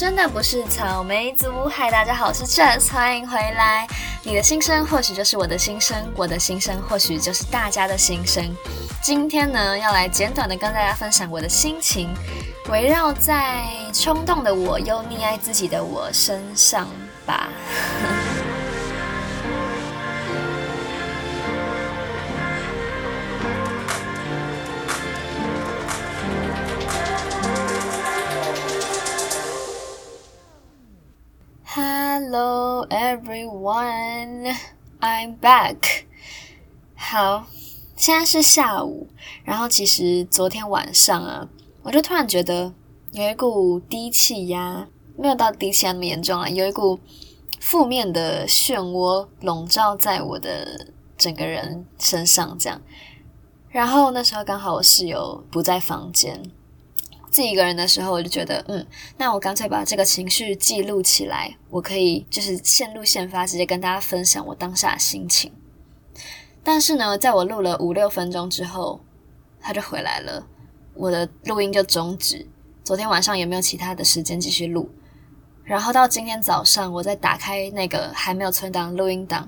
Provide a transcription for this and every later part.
真的不是草莓族。嗨，大家好，我是 Jazz，歡迎回來。你的心聲或許就是我的心聲，我的心聲或許就是大家的心聲。今天呢，要來簡短的跟大家分享我的心情，圍繞在衝動的我又溺愛自己的我身上吧。嗯 Back，好，現在是下午。然後其實昨天晚上啊，我就突然覺得有一股低氣壓，沒有到低氣壓那麼嚴重了啊。有一股負面的漩渦籠罩在我的整個人身上，這樣。然後那時候剛好我室友不在房間。自己一個人的時候，我就覺得，嗯，那我乾脆把這個情緒記錄起來，我可以就是現錄現發，直接跟大家分享我當下的心情。但是呢，在我錄了五六分鐘之後，他就回來了，我的錄音就終止。昨天晚上也沒有其他的時間繼續錄。然後到今天早上，我再打開那個還沒有存檔的錄音檔，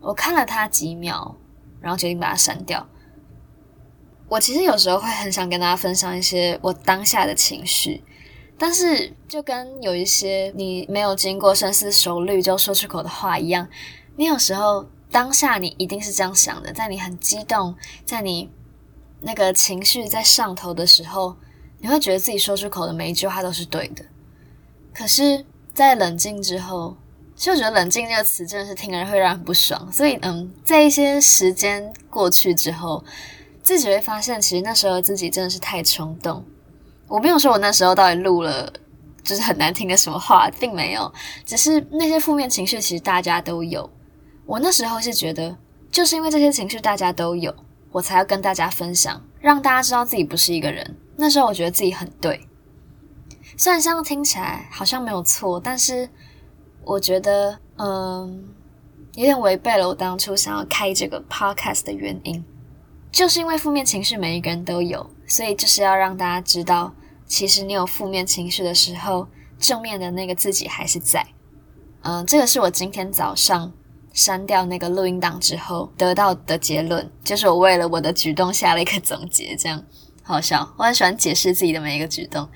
我看了他幾秒，然後決定把它刪掉。我其實有時候會很想跟大家分享一些我當下的情緒，但是就跟有一些你沒有經過深思熟慮就說出口的話一樣，你有時候當下你一定是這樣想的，在你很激動，在你那個情緒在上頭的時候，你會覺得自己說出口的每一句話都是對的。可是，在冷靜之後，其實我覺得“冷靜”這個詞真的是聽人會讓人很不爽。所以，嗯，在一些時間過去之後，自己會發現，其實那時候自己真的是太衝動。我沒有說我那時候到底錄了，就是很難聽的什麼話，並沒有。只是那些負面情緒，其實大家都有。我那時候是覺得，就是因為這些情緒大家都有，我才要跟大家分享，讓大家知道自己不是一個人。那時候我覺得自己很對，雖然這樣聽起來好像沒有錯，但是我覺得，嗯，有點違背了我當初想要開這個 podcast 的原因。就是因為負面情緒，每一個人都有，所以就是要讓大家知道，其實你有負面情緒的時候，正面的那個自己還是在。嗯，這個是我今天早上刪掉那個錄音檔之後得到的結論，就是我為了我的舉動下了一個總結，這樣好笑。我很喜歡解釋自己的每一個舉動，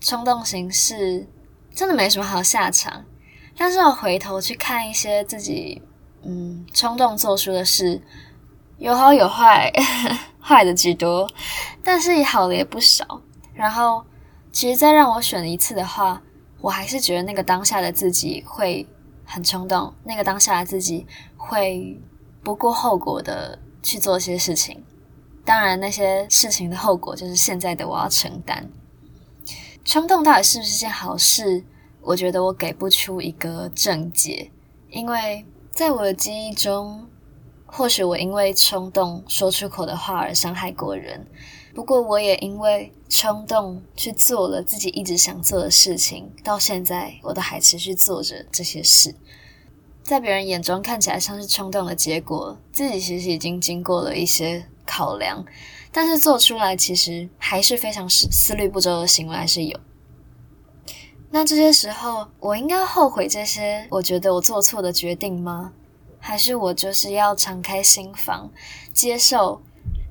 衝動行事真的沒什麼好下場。但是我回頭去看一些自己，嗯，衝動做出的事。有好有壞，壞 的居多，但是也好的也不少。然後，其實再讓我選一次的話，我還是覺得那個當下的自己會很衝動，那個當下的自己會不顧後果的去做一些事情。當然，那些事情的後果就是現在的我要承擔。衝動到底是不是一件好事？我覺得我給不出一個正解，因為在我的記憶中。或許我因為衝動說出口的話而傷害過人，不過我也因為衝動去做了自己一直想做的事情，到現在我都還持續做着這些事。在別人眼中看起來像是衝動的結果，自己其實已經經過了一些考量，但是做出來其實還是非常思思慮不周的行為，還是有。那這些時候，我應該後悔這些我覺得我做錯的決定嗎？還是我就是要敞開心房，接受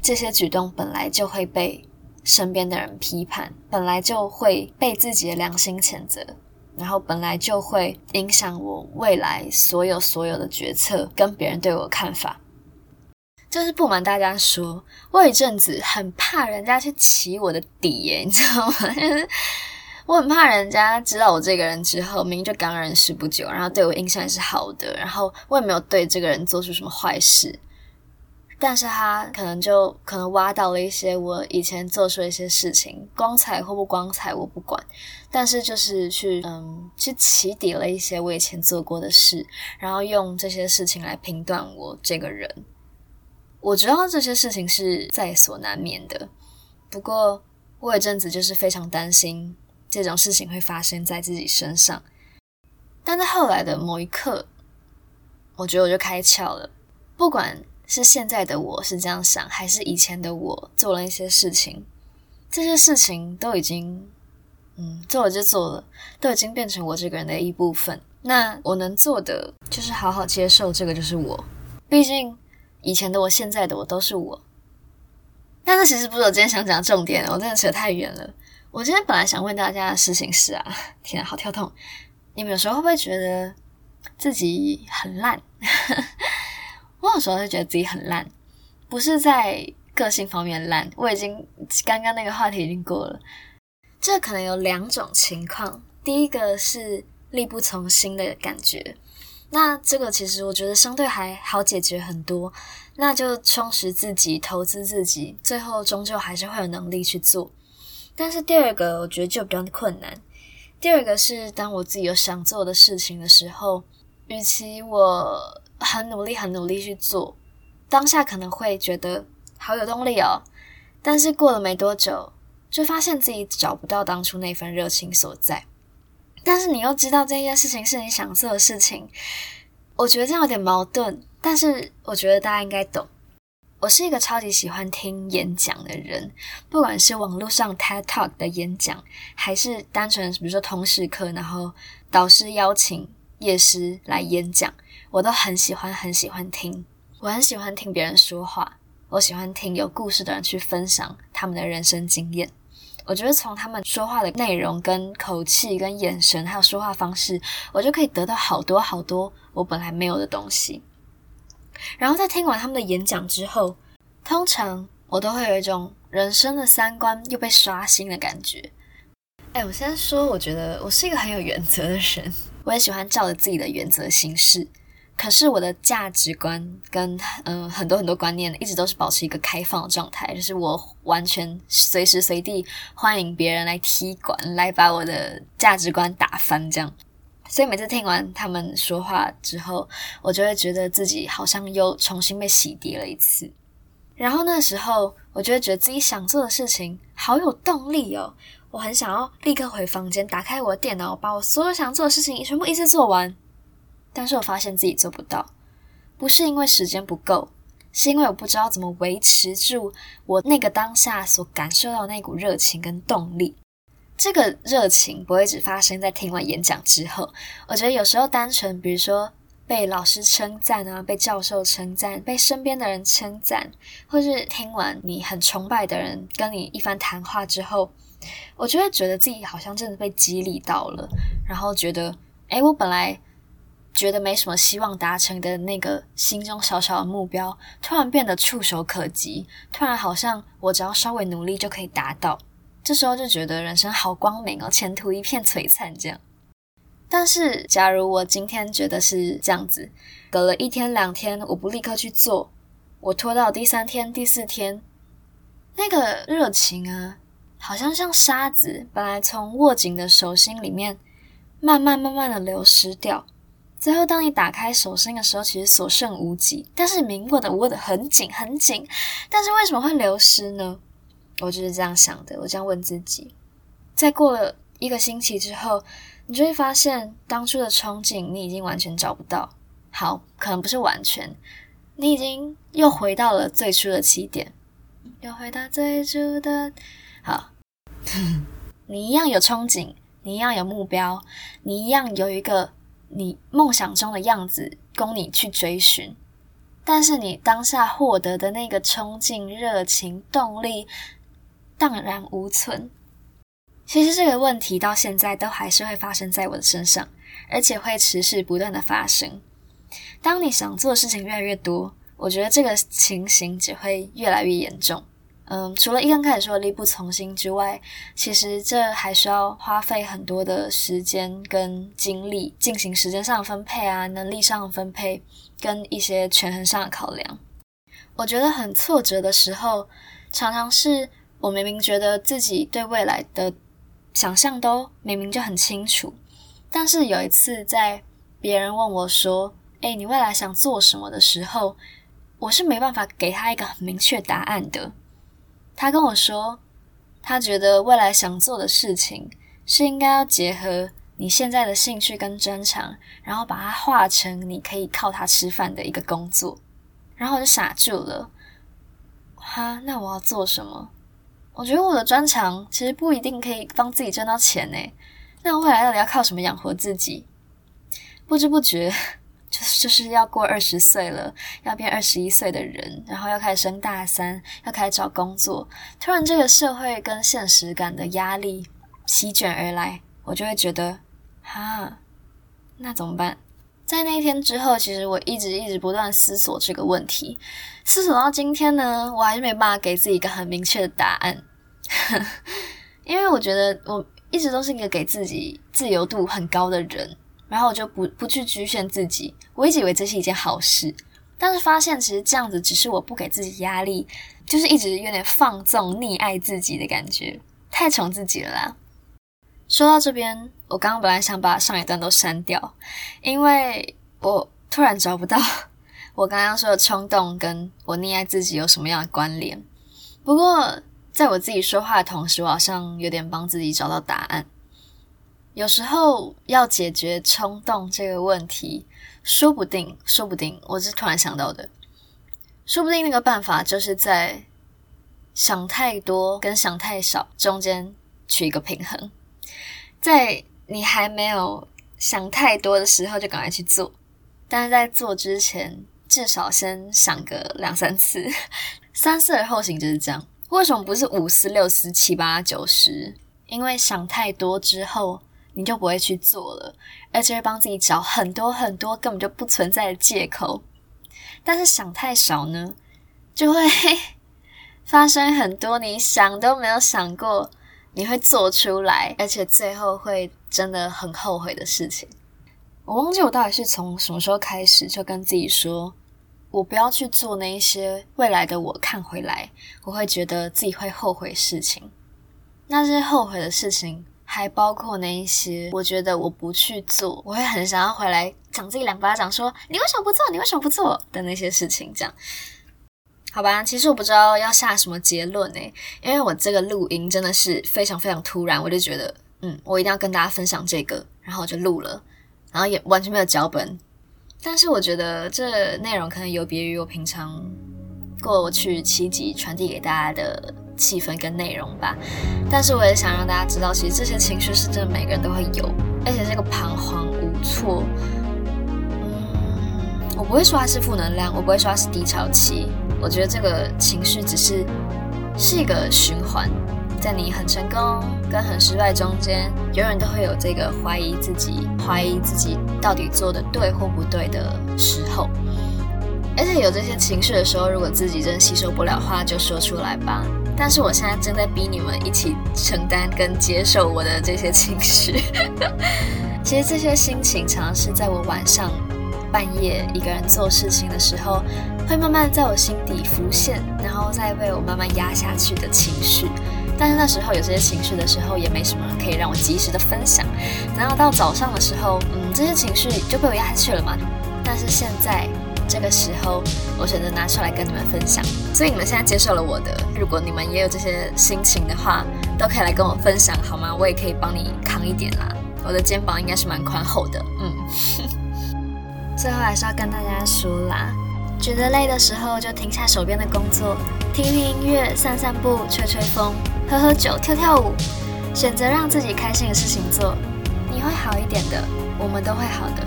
這些舉動，本來就會被身邊的人批判，本來就會被自己的良心譴責，然後本來就會影響我未來所有所有的決策，跟別人對我看法。就是不瞞大家說，我有一陣子很怕人家去起我的底耶、欸，你知道嗎？ 我很怕人家知道我這個人之後，明明就剛認識不久，然後對我印象也是好的，然後我也沒有對這個人做出什麼壞事，但是他可能就可能挖到了一些我以前做出的一些事情，光彩或不光彩我不管，但是就是去嗯去起底了一些我以前做過的事，然後用這些事情來評斷我這個人，我知道這些事情是在所難免的，不過我有陣子就是非常擔心。這種事情會發生在自己身上，但在後來的某一刻，我覺得我就開竅了。不管是現在的我是這樣想，還是以前的我做了一些事情，這些事情都已經嗯做了就做了，都已經變成我這個人的一部分。那我能做的就是好好接受這個就是我，畢竟以前的我，現在的我都是我。但是其實不是我今天想講重點，我真的扯太遠了。我今天本來想問大家的事情是啊，天啊，好跳痛！你們有時候會不會覺得自己很爛？ 我有時候會覺得自己很爛，不是在個性方面爛。我已經剛剛那個話題已經過了，這可能有兩種情況。第一個是力不從心的感覺，那這個其實我覺得相對還好解決很多，那就充實自己，投資自己，最後終究還是會有能力去做。但是第二個，我覺得就比較困難。第二個是，當我自己有想做的事情的時候，與其我很努力、很努力去做，當下可能會覺得好有動力哦，但是過了沒多久，就發現自己找不到當初那份熱情所在。但是你又知道這件事情是你想做的事情，我覺得這樣有點矛盾。但是我覺得大家應該懂。我是一個超級喜歡聽演講的人，不管是網絡上 TED Talk 的演講，還是單純比如說通識課，然後導師邀請業師來演講，我都很喜歡，很喜歡聽。我很喜歡聽別人說話，我喜歡聽有故事的人去分享他們的人生經驗。我覺得從他們說話的內容、跟口氣、跟眼神，還有說話方式，我就可以得到好多好多我本來沒有的東西。然後在聽完他們的演講之後，通常我都會有一種人生的三觀又被刷新的感覺。哎，我先說，我覺得我是一個很有原則的人，我也喜歡照着自己的原則行事。可是我的價值觀跟嗯、呃、很多很多觀念一直都是保持一個開放的狀態，就是我完全隨時隨地歡迎別人來踢館，來把我的價值觀打翻這樣。所以每次聽完他們說話之後，我就會覺得自己好像又重新被洗滌了一次。然後那時候，我就會覺得自己想做的事情好有動力哦，我很想要立刻回房間，打開我的電腦，把我所有想做的事情全部一次做完。但是我發現自己做不到，不是因為時間不夠，是因為我不知道怎麼維持住我那個當下所感受到那股熱情跟動力。這個熱情不會只發生在聽完演講之後，我覺得有時候單純，比如說被老師稱讚啊，被教授稱讚，被身邊的人稱讚，或是聽完你很崇拜的人跟你一番談話之後，我就會覺得自己好像真的被激勵到了，然後覺得，誒，我本來覺得沒什麼希望達成的那個心中小小的目標，突然變得觸手可及，突然好像我只要稍微努力就可以達到。這時候就覺得人生好光明哦，前途一片璀璨這樣。但是，假如我今天覺得是這樣子，隔了一天兩天，我不立刻去做，我拖到第三天第四天，那個熱情啊，好像像沙子，本來從握緊的手心裡面，慢慢慢慢的流失掉。最後，當你打開手心的時候，其實所剩無幾。但是，你明明的握得很緊很緊，但是為什麼會流失呢？我就是這樣想的，我這樣問自己，在過了一個星期之後，你就會發現當初的憧憬你已經完全找不到。好，可能不是完全，你已經又回到了最初的起點，又回到最初的。好， 你一樣有憧憬，你一樣有目標，你一樣有一個你夢想中的樣子供你去追尋。但是你當下獲得的那個憧憬、熱情、動力，蕩然無存。其實這個問題到現在都還是會發生在我的身上，而且會持續不斷的發生。當你想做的事情越來越多，我覺得這個情形只會越來越嚴重。嗯，除了一剛開始說的力不從心之外，其實這還需要花費很多的時間跟精力進行時間上的分配啊，能力上的分配跟一些權衡上的考量。我覺得很挫折的時候，常常是，我明明覺得自己對未來的想象都明明就很清楚，但是有一次在別人問我說：“哎、欸，你未來想做什麼？”的時候，我是沒辦法給他一個很明確答案的。他跟我說，他覺得未來想做的事情是應該要結合你現在的興趣跟專長，然後把它化成你可以靠它吃飯的一個工作。然後我就傻住了。哈，那我要做什麼？我覺得我的專長其實不一定可以幫自己賺到錢欸。那我未來到底要靠什麼養活自己？不知不覺，就是、就是要過二十歲了，要變二十一歲的人，然後要開始升大三，要開始找工作。突然，這個社會跟現實感的壓力席卷而來，我就會覺得，哈、啊，那怎麼辦？在那天之後，其實我一直一直不斷思索這個問題，思索到今天呢，我還是沒辦法給自己一個很明確的答案， 因為我覺得我一直都是一個給自己自由度很高的人，然後我就不不去局限自己，我一直以為這是一件好事，但是發現其實這樣子只是我不給自己壓力，就是一直有點放縱溺愛自己的感覺，太寵自己了啦！說到這邊，我剛剛本來想把上一段都刪掉，因為我突然找不到我剛剛說的衝動跟我溺愛自己有什麼樣的關聯。不過在我自己說話的同時，我好像有點幫自己找到答案。有時候要解決衝動這個問題，說不定，說不定我是突然想到的，說不定那個辦法就是在想太多跟想太少中間取一個平衡。在你還沒有想太多的時候，就趕快去做。但是在做之前，至少先想個兩三次，三思而後行就是這樣。為什麼不是五思六思七八九十？因為想太多之後，你就不會去做了，而且會幫自己找很多很多根本就不存在的借口。但是想太少呢，就會 發生很多你想都沒有想過。你會做出來，而且最後會真的很後悔的事情。我忘記我到底是從什麼時候開始就跟自己說，我不要去做那一些未來的我看回來，我會覺得自己會後悔事情。那些後悔的事情還包括那一些，我覺得我不去做，我會很想要回來掌自己兩巴掌，說你為什麼不做？你為什麼不做？的那些事情這樣。好吧，其實我不知道要下什麼結論誒、欸，因為我這個錄音真的是非常非常突然，我就覺得，嗯，我一定要跟大家分享這個，然後我就錄了，然後也完全沒有腳本，但是我覺得這內容可能有別於我平常過去七集傳遞給大家的氣氛跟內容吧。但是我也想讓大家知道，其實這些情緒是真的每個人都會有，而且這個彷徨無措，嗯，我不會說它是負能量，我不會說它是低潮期。我覺得這個情緒只是是一個循環，在你很成功跟很失敗中間，永遠都會有這個懷疑自己、懷疑自己到底做的對或不對的時候。而且有這些情緒的時候，如果自己真吸收不了話，就說出來吧。但是我現在正在逼你們一起承擔跟接受我的這些情緒。 其實這些心情常是在我晚上半夜一個人做事情的時候，會慢慢在我心底浮現，然後再被我慢慢壓下去的情緒。但是那時候有這些情緒的時候，也沒什麼可以讓我及時的分享。然後到早上的時候，嗯，這些情緒就被我壓下去了嘛。但是現在這個時候，我選擇拿出來跟你們分享。所以你們現在接受了我的，如果你們也有這些心情的話，都可以來跟我分享好嗎？我也可以幫你扛一點啦。我的肩膀應該是蠻寬厚的，嗯。 最後還是要跟大家說啦。覺得累的時候，就停下手邊的工作，聽聽音樂，散散步，吹吹風，喝喝酒，跳跳舞，選擇讓自己開心的事情做，你會好一點的，我們都會好的。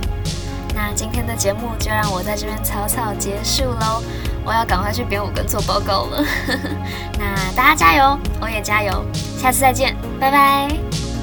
那今天的節目就讓我在這邊草草結束嘍，我要趕快去編舞跟做報告了。 那大家加油，我也加油，下次再見，拜拜。